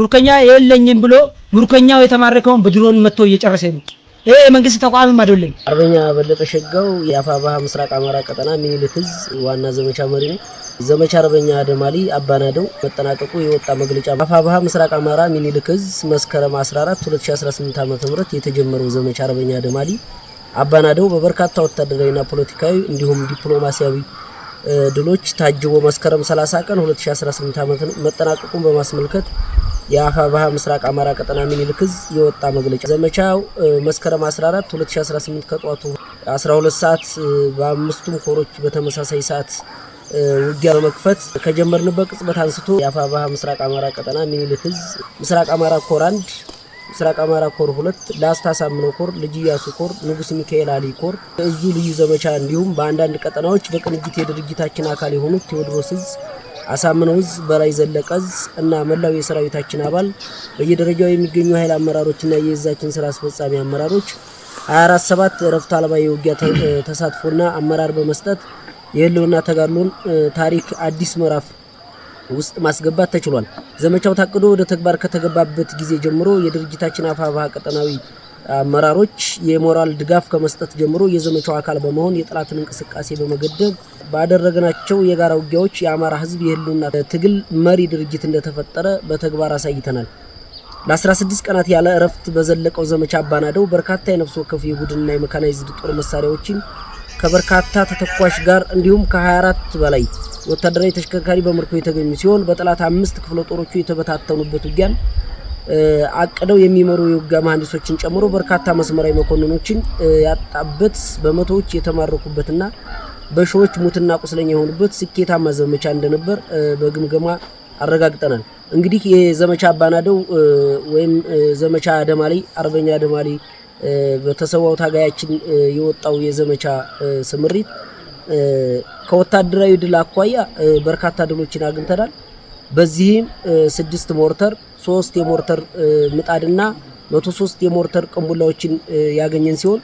ቡርከኛ የለኝም ብሎ ቡርከኛው የተማረከውን በድሮን መጥቶ እየጨረሰ ነው። ይሄ የመንግስት ተቋምም አይደለም። አርበኛ በለጠ ሸጋው የአፋባሃ ምስራቅ አማራ ቀጠና ምኒልክ ዕዝ ዋና ዘመቻ መሪ ነው። ዘመቻ አርበኛ አደማሊ አባናደው መጠናቀቁ የወጣ መግለጫ አፋባሃ ምስራቅ አማራ ምኒልክ ዕዝ መስከረም 14 2018 ዓ.ም የተጀመረው ዘመቻ አርበኛ አደማሊ አባናደው በበርካታ ወታደራዊና ፖለቲካዊ እንዲሁም ዲፕሎማሲያዊ ድሎች ታጅቦ መስከረም 30 ቀን 2018 ዓ.ም መጠናቀቁን በማስመልከት የአፋብኃ ምስራቅ አማራ ቀጠና ምኒልክ ዕዝ የወጣ መግለጫ ዘመቻው መስከረም 14 2018 ከጧቱ 12 ሰዓት በአምስቱም ኮሮች በተመሳሳይ ሰዓት ውጊያ በመክፈት ከጀመርንበት ቅጽበት አንስቶ የአፋብኃ ምስራቅ አማራ ቀጠና ምኒልክ ዕዝ ምስራቅ አማራ ኮር አንድ ምስራቅ አማራ ኮር ሁለት ላስታ ሳምነው ኮር፣ ልጅ ኢያሱ ኮር፣ ንጉስ ሚካኤል አሊ ኮር እዙ ልዩ ዘመቻ እንዲሁም በአንዳንድ ቀጠናዎች በቅንጅት የድርጅታችን አካል የሆኑት ቴዎድሮስ ዕዝ አሳምነው እዝ፣ በላይ ዘለቀ እዝ እና መላው የሰራዊታችን አባል በየደረጃው የሚገኙ ኃይል አመራሮችና የእዛችን ስራ አስፈጻሚ አመራሮች 247 ረፍት አልባ የውጊያ ተሳትፎና አመራር በመስጠት የህልውና ተጋድሎን ታሪክ አዲስ ምዕራፍ ውስጥ ማስገባት ተችሏል። ዘመቻው ታቅዶ ወደ ተግባር ከተገባበት ጊዜ ጀምሮ የድርጅታችን አፋፋ ቀጠናዊ አመራሮች የሞራል ድጋፍ ከመስጠት ጀምሮ የዘመቻው አካል በመሆን የጠላትን እንቅስቃሴ በመገደብ ባደረግናቸው የጋራ ውጊያዎች የአማራ ህዝብ የህልውና ትግል መሪ ድርጅት እንደተፈጠረ በተግባር አሳይተናል። ለ16 ቀናት ያለ እረፍት በዘለቀው ዘመቻ አባናደው በርካታ የነፍስ ወከፍ የቡድንና የመካናይዝድ ጦር መሳሪያዎችን ከበርካታ ተተኳሽ ጋር እንዲሁም ከ24 በላይ ወታደራዊ ተሽከርካሪ በምርኮ የተገኙ ሲሆን በጠላት አምስት ክፍለ ጦሮቹ የተበታተኑበት ውጊያን አቅደው የሚመሩ የውጊያ መሀንዲሶችን ጨምሮ በርካታ መስመራዊ መኮንኖችን ያጣበት በመቶዎች የተማረኩበትና በሺዎች ሙትና ቁስለኛ የሆኑበት ስኬታማ ዘመቻ እንደነበር በግምገማ አረጋግጠናል። እንግዲህ የዘመቻ አባናደው ወይም ዘመቻ አደማሊ አርበኛ አደማሊ በተሰዋው ታጋያችን የወጣው የዘመቻ ስምሪት ከወታደራዊ ድል አኳያ በርካታ ድሎችን አግኝተናል። በዚህም ስድስት ሞርተር ሶስት የሞርተር ምጣድና 103 የሞርተር ቅንቡላዎችን ያገኘን ሲሆን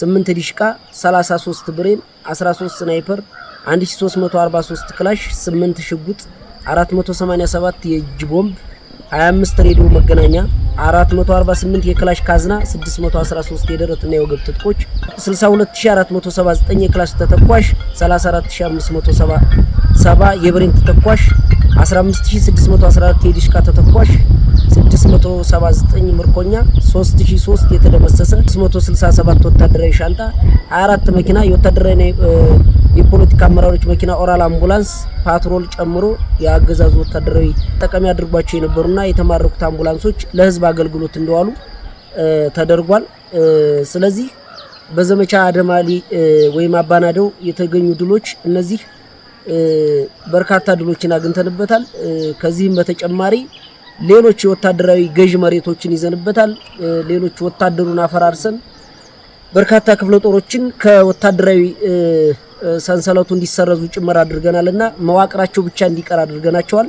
8 ዲሽቃ፣ 33 ብሬን፣ 13 ስናይፐር፣ 1343 ክላሽ፣ 8 ሽጉጥ፣ 487 የእጅ ቦምብ 25 ሬዲዮ መገናኛ 448 የክላሽ ካዝና 613 የደረትና የወገብ ትጥቆች 62479 የክላሽ ተተኳሽ 34577 የብሬን ተተኳሽ 15614 የዲሽቃ ተተኳሽ 679 ምርኮኛ፣ 3003 የተደመሰሰ፣ 667 ወታደራዊ ሻንጣ፣ 24 መኪና የወታደራዊ የፖለቲካ አመራሮች መኪና፣ ኦራል አምቡላንስ፣ ፓትሮል ጨምሮ የአገዛዙ ወታደራዊ ጠቃሚ አድርጓቸው የነበሩና የተማረኩት አምቡላንሶች ለህዝብ አገልግሎት እንደዋሉ ተደርጓል። ስለዚህ በዘመቻ አደማሊ ወይም አባናደው የተገኙ ድሎች እነዚህ በርካታ ድሎችን አግኝተንበታል። ከዚህም በተጨማሪ ሌሎች ወታደራዊ ገዥ መሬቶችን ይዘንበታል። ሌሎች ወታደሩን አፈራርሰን በርካታ ክፍለ ጦሮችን ከወታደራዊ ሰንሰለቱ እንዲሰረዙ ጭምር አድርገናል እና መዋቅራቸው ብቻ እንዲቀር አድርገናቸዋል።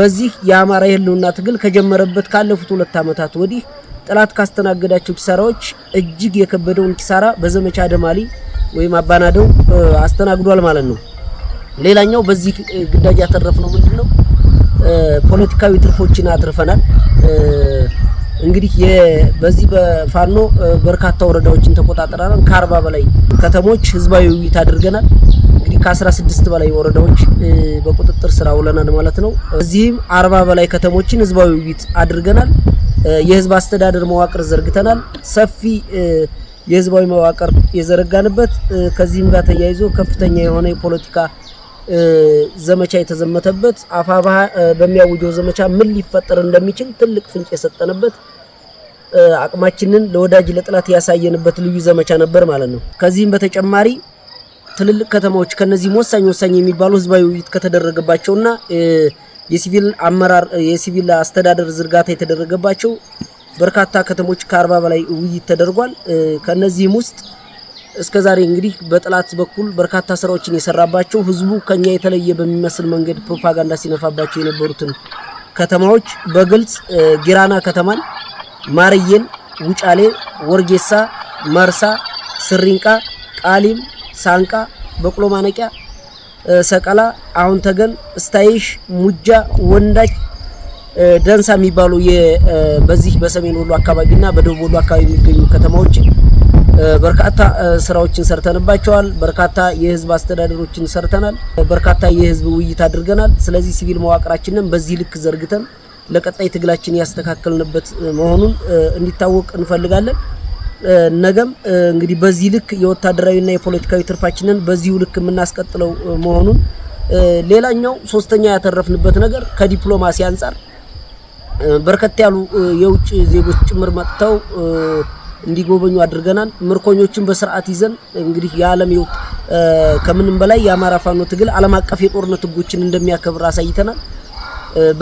በዚህ የአማራ የህልውና ትግል ከጀመረበት ካለፉት ሁለት ዓመታት ወዲህ ጠላት ካስተናገዳቸው ኪሳራዎች እጅግ የከበደውን ኪሳራ በዘመቻ አደማሊ ወይም አባናደው አስተናግዷል ማለት ነው። ሌላኛው በዚህ ግዳጅ ያተረፍነው ምንድነው? ፖለቲካዊ ትርፎችን አትርፈናል። እንግዲህ በዚህ በፋኖ በርካታ ወረዳዎችን ተቆጣጥረናል። ከአርባ በላይ ከተሞች ህዝባዊ ውይይት አድርገናል። እንግዲህ ከ16 በላይ ወረዳዎች በቁጥጥር ስራ ውለናል ማለት ነው። እዚህም አርባ በላይ ከተሞችን ህዝባዊ ውይይት አድርገናል። የህዝብ አስተዳደር መዋቅር ዘርግተናል። ሰፊ የህዝባዊ መዋቅር የዘረጋንበት ከዚህም ጋር ተያይዞ ከፍተኛ የሆነ የፖለቲካ ዘመቻ የተዘመተበት አፋባ በሚያውጀው ዘመቻ ምን ሊፈጠር እንደሚችል ትልቅ ፍንጭ የሰጠንበት አቅማችንን ለወዳጅ ለጥላት ያሳየንበት ልዩ ዘመቻ ነበር ማለት ነው። ከዚህም በተጨማሪ ትልልቅ ከተማዎች ከነዚህም ወሳኝ ወሳኝ የሚባሉ ህዝባዊ ውይይት ከተደረገባቸውና የሲቪል አመራር የሲቪል አስተዳደር ዝርጋታ የተደረገባቸው በርካታ ከተሞች ከአርባ በላይ ውይይት ተደርጓል። ከነዚህም ውስጥ እስከዛሬ እንግዲህ በጠላት በኩል በርካታ ስራዎችን የሰራባቸው ህዝቡ ከኛ የተለየ በሚመስል መንገድ ፕሮፓጋንዳ ሲነፋባቸው የነበሩትን ከተማዎች በግልጽ ጊራና ከተማን፣ ማርየን፣ ውጫሌ፣ ወርጌሳ፣ መርሳ፣ ስሪንቃ፣ ቃሊም፣ ሳንቃ፣ በቅሎ ማነቂያ ሰቀላ፣ አሁን ተገል፣ ስታይሽ፣ ሙጃ፣ ወንዳች፣ ደንሳ የሚባሉ በዚህ በሰሜን ወሎ አካባቢና በደቡብ ወሎ አካባቢ የሚገኙ ከተማዎች በርካታ ስራዎችን ሰርተንባቸዋል። በርካታ የህዝብ አስተዳደሮችን ሰርተናል። በርካታ የህዝብ ውይይት አድርገናል። ስለዚህ ሲቪል መዋቅራችንን በዚህ ልክ ዘርግተን ለቀጣይ ትግላችን ያስተካከልንበት መሆኑን እንዲታወቅ እንፈልጋለን። ነገም እንግዲህ በዚህ ልክ የወታደራዊና የፖለቲካዊ ትርፋችንን በዚሁ ልክ የምናስቀጥለው መሆኑን ሌላኛው ሶስተኛ ያተረፍንበት ነገር ከዲፕሎማሲ አንጻር በርከት ያሉ የውጭ ዜጎች ጭምር መጥተው እንዲጎበኙ አድርገናል። ምርኮኞችን በስርዓት ይዘን እንግዲህ የዓለም ይውት ከምንም በላይ የአማራ ፋኖ ትግል ዓለም አቀፍ የጦርነት ህጎችን እንደሚያከብር አሳይተናል።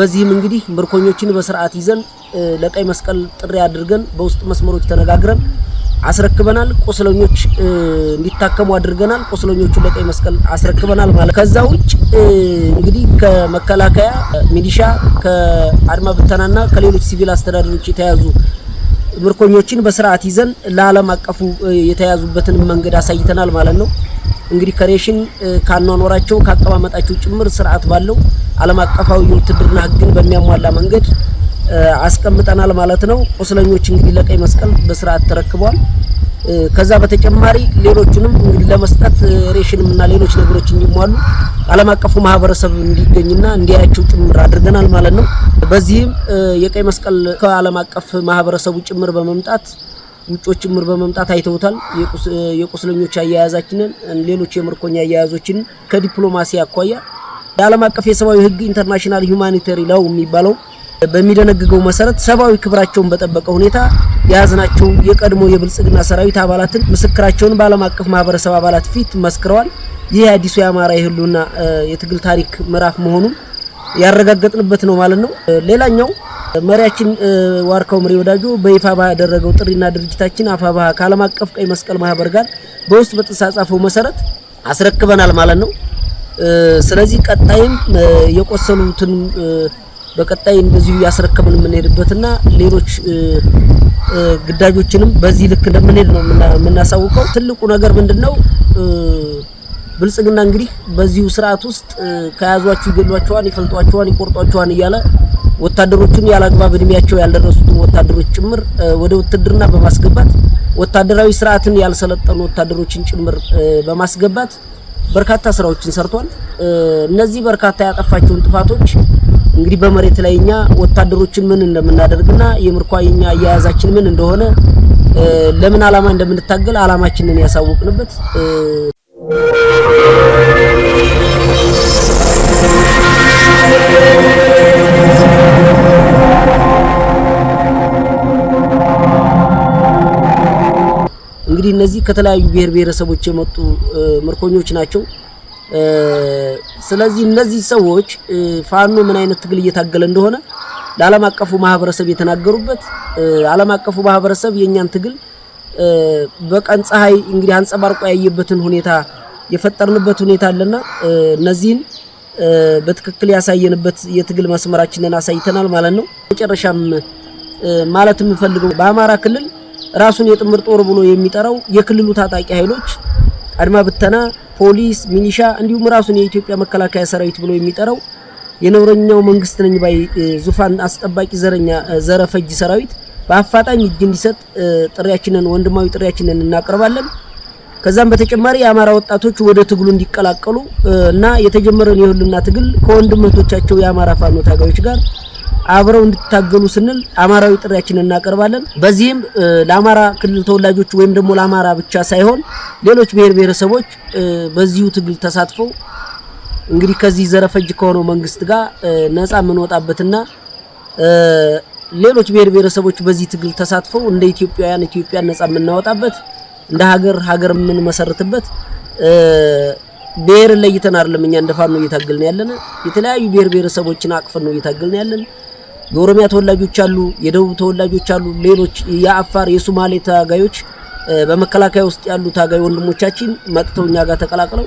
በዚህም እንግዲህ ምርኮኞችን በስርዓት ይዘን ለቀይ መስቀል ጥሪ አድርገን በውስጥ መስመሮች ተነጋግረን አስረክበናል። ቁስለኞች እንዲታከሙ አድርገናል። ቁስለኞቹን ለቀይ መስቀል አስረክበናል ማለት ከዛ ውጭ እንግዲህ ከመከላከያ ሚሊሻ፣ ከአድማ ብተናና ከሌሎች ሲቪል አስተዳደሮች የተያዙ ምርኮኞችን በስርዓት ይዘን ለዓለም አቀፉ የተያዙበትን መንገድ አሳይተናል ማለት ነው። እንግዲህ ከሬሽን ካኗኗራቸው ከአቀማመጣቸው ጭምር ስርዓት ባለው ዓለም አቀፋዊ የውትድርና ሕግን በሚያሟላ መንገድ አስቀምጠናል ማለት ነው። ቁስለኞች እንግዲህ ለቀይ መስቀል በስርዓት ተረክቧል። ከዛ በተጨማሪ ሌሎቹንም እንግዲህ ለመስጠት ሬሽንም እና ሌሎች ነገሮች እንዲሟሉ ዓለም አቀፉ ማህበረሰብ እንዲገኝና እንዲያያቸው ጭምር አድርገናል ማለት ነው። በዚህም የቀይ መስቀል ከዓለም አቀፍ ማህበረሰቡ ጭምር በመምጣት ውጮ ጭምር በመምጣት አይተውታል። የቁስለኞች አያያዛችንን፣ ሌሎች የምርኮኛ አያያዞችን ከዲፕሎማሲ አኳያ የዓለም አቀፍ የሰብአዊ ህግ ኢንተርናሽናል ሁማኒተሪ ላው የሚባለው በሚደነግገው መሰረት ሰብአዊ ክብራቸውን በጠበቀ ሁኔታ የያዝናቸው የቀድሞ የብልጽግና ሰራዊት አባላትን ምስክራቸውን በዓለም አቀፍ ማህበረሰብ አባላት ፊት መስክረዋል። ይህ አዲሱ የአማራ የህልውና የትግል ታሪክ ምዕራፍ መሆኑን ያረጋገጥንበት ነው ማለት ነው። ሌላኛው መሪያችን ዋርካው ምሬ ወዳጆ በይፋ ባደረገው ጥሪና ድርጅታችን አፋባሃ ከዓለም አቀፍ ቀይ መስቀል ማህበር ጋር በውስጥ በተጻጻፈው መሰረት አስረክበናል ማለት ነው። ስለዚህ ቀጣይም የቆሰሉትን በቀጣይ እንደዚሁ እያስረከብን የምንሄድበትና ሌሎች ግዳጆችንም በዚህ ልክ እንደምንሄድ ነው የምናሳውቀው። ትልቁ ነገር ምንድን ነው? ብልጽግና እንግዲህ በዚሁ ስርዓት ውስጥ ከያዟችሁ ይገሏችኋል፣ ይፈልጧችኋል፣ ይቆርጧችኋል እያለ ወታደሮቹን ያላግባብ እድሜያቸው ያልደረሱትን ወታደሮች ጭምር ወደ ውትድርና በማስገባት ወታደራዊ ስርዓትን ያልሰለጠኑ ወታደሮችን ጭምር በማስገባት በርካታ ስራዎችን ሰርቷል። እነዚህ በርካታ ያጠፋቸውን ጥፋቶች እንግዲህ በመሬት ላይ እኛ ወታደሮችን ምን እንደምናደርግና የምርኳ የኛ አያያዛችን ምን እንደሆነ ለምን ዓላማ እንደምንታገል ዓላማችንን ያሳወቅንበት እንግዲህ እነዚህ ከተለያዩ ብሔር ብሔረሰቦች የመጡ ምርኮኞች ናቸው። ስለዚህ እነዚህ ሰዎች ፋኖ ምን አይነት ትግል እየታገለ እንደሆነ ለዓለም አቀፉ ማህበረሰብ የተናገሩበት ዓለም አቀፉ ማህበረሰብ የእኛን ትግል በቀን ፀሐይ እንግዲህ አንጸባርቆ ያየበትን ሁኔታ የፈጠርንበት ሁኔታ አለና እነዚህን በትክክል ያሳየንበት የትግል መስመራችንን አሳይተናል ማለት ነው። መጨረሻም ማለት የምፈልገው በአማራ ክልል ራሱን የጥምር ጦር ብሎ የሚጠራው የክልሉ ታጣቂ ኃይሎች አድማ ብተና ፖሊስ፣ ሚኒሻ እንዲሁም ራሱን የኢትዮጵያ መከላከያ ሰራዊት ብሎ የሚጠራው የነውረኛው መንግስት ነኝ ባይ ዙፋን አስጠባቂ ዘረኛ ዘረፈጅ ሰራዊት በአፋጣኝ እጅ እንዲሰጥ ጥሪያችንን ወንድማዊ ጥሪያችንን እናቀርባለን። ከዛም በተጨማሪ የአማራ ወጣቶች ወደ ትግሉ እንዲቀላቀሉ እና የተጀመረን የህልና ትግል ከወንድም እህቶቻቸው የአማራ ፋኖ ታጋዮች ጋር አብረው እንድታገሉ ስንል አማራዊ ጥሪያችንን እናቀርባለን። በዚህም ለአማራ ክልል ተወላጆች ወይም ደግሞ ለአማራ ብቻ ሳይሆን ሌሎች ብሔር ብሔረሰቦች በዚሁ ትግል ተሳትፈው እንግዲህ ከዚህ ዘረፈጅ ከሆነው መንግስት ጋር ነፃ የምንወጣበትና ሌሎች ብሔር ብሔረሰቦች በዚህ ትግል ተሳትፈው እንደ ኢትዮጵያውያን ኢትዮጵያን ነፃ የምናወጣበት እንደ ሀገር ሀገር የምንመሰርትበት ብሔርን ለይተን አይደለም እኛ እንደ ፋኖ እየታገልን ያለን የተለያዩ ብሔር ብሔረሰቦችን አቅፈን ነው እየታገልን ያለን። የኦሮሚያ ተወላጆች አሉ፣ የደቡብ ተወላጆች አሉ፣ ሌሎች የአፋር የሶማሌ ታጋዮች በመከላከያ ውስጥ ያሉ ታጋይ ወንድሞቻችን መጥተው እኛ ጋር ተቀላቅለው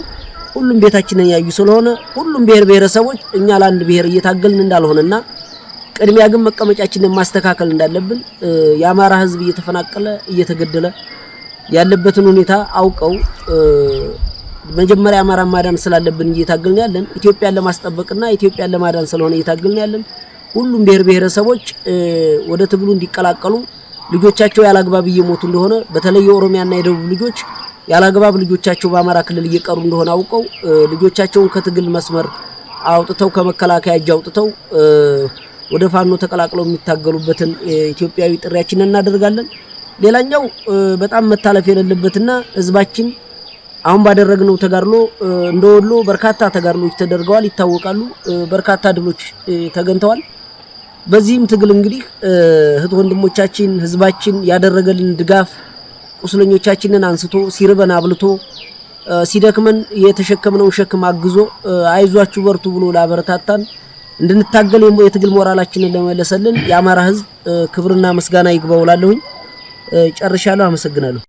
ሁሉም ቤታችንን ያዩ ስለሆነ ሁሉም ብሔር ብሔረሰቦች እኛ ለአንድ ብሔር እየታገልን እንዳልሆነና ቅድሚያ ግን መቀመጫችንን ማስተካከል እንዳለብን የአማራ ሕዝብ እየተፈናቀለ እየተገደለ ያለበትን ሁኔታ አውቀው መጀመሪያ አማራ ማዳን ስላለብን እየታገልን ያለን ኢትዮጵያን ለማስጠበቅና ኢትዮጵያን ለማዳን ስለሆነ እየታገልን ያለን ሁሉም ብሔር ብሔረሰቦች ወደ ትግሉ እንዲቀላቀሉ ልጆቻቸው ያላግባብ እየሞቱ እንደሆነ በተለይ የኦሮሚያና የደቡብ ልጆች ያላግባብ ልጆቻቸው በአማራ ክልል እየቀሩ እንደሆነ አውቀው ልጆቻቸውን ከትግል መስመር አውጥተው ከመከላከያ እጅ አውጥተው ወደ ፋኖ ተቀላቅለው የሚታገሉበትን ኢትዮጵያዊ ጥሪያችንን እናደርጋለን። ሌላኛው በጣም መታለፍ የሌለበትና ህዝባችን አሁን ባደረግነው ተጋድሎ እንደወሎ በርካታ ተጋድሎች ተደርገዋል፣ ይታወቃሉ። በርካታ ድሎች ተገኝተዋል። በዚህም ትግል እንግዲህ እህት ወንድሞቻችን፣ ህዝባችን ያደረገልን ድጋፍ ቁስለኞቻችንን አንስቶ ሲርበን አብልቶ ሲደክመን የተሸከምነውን ሸክም አግዞ አይዟችሁ በርቱ ብሎ ላበረታታን እንድንታገል የትግል ሞራላችንን ለመለሰልን የአማራ ህዝብ ክብርና ምስጋና ይግባው እላለሁኝ። ጨርሻለሁ። አመሰግናለሁ።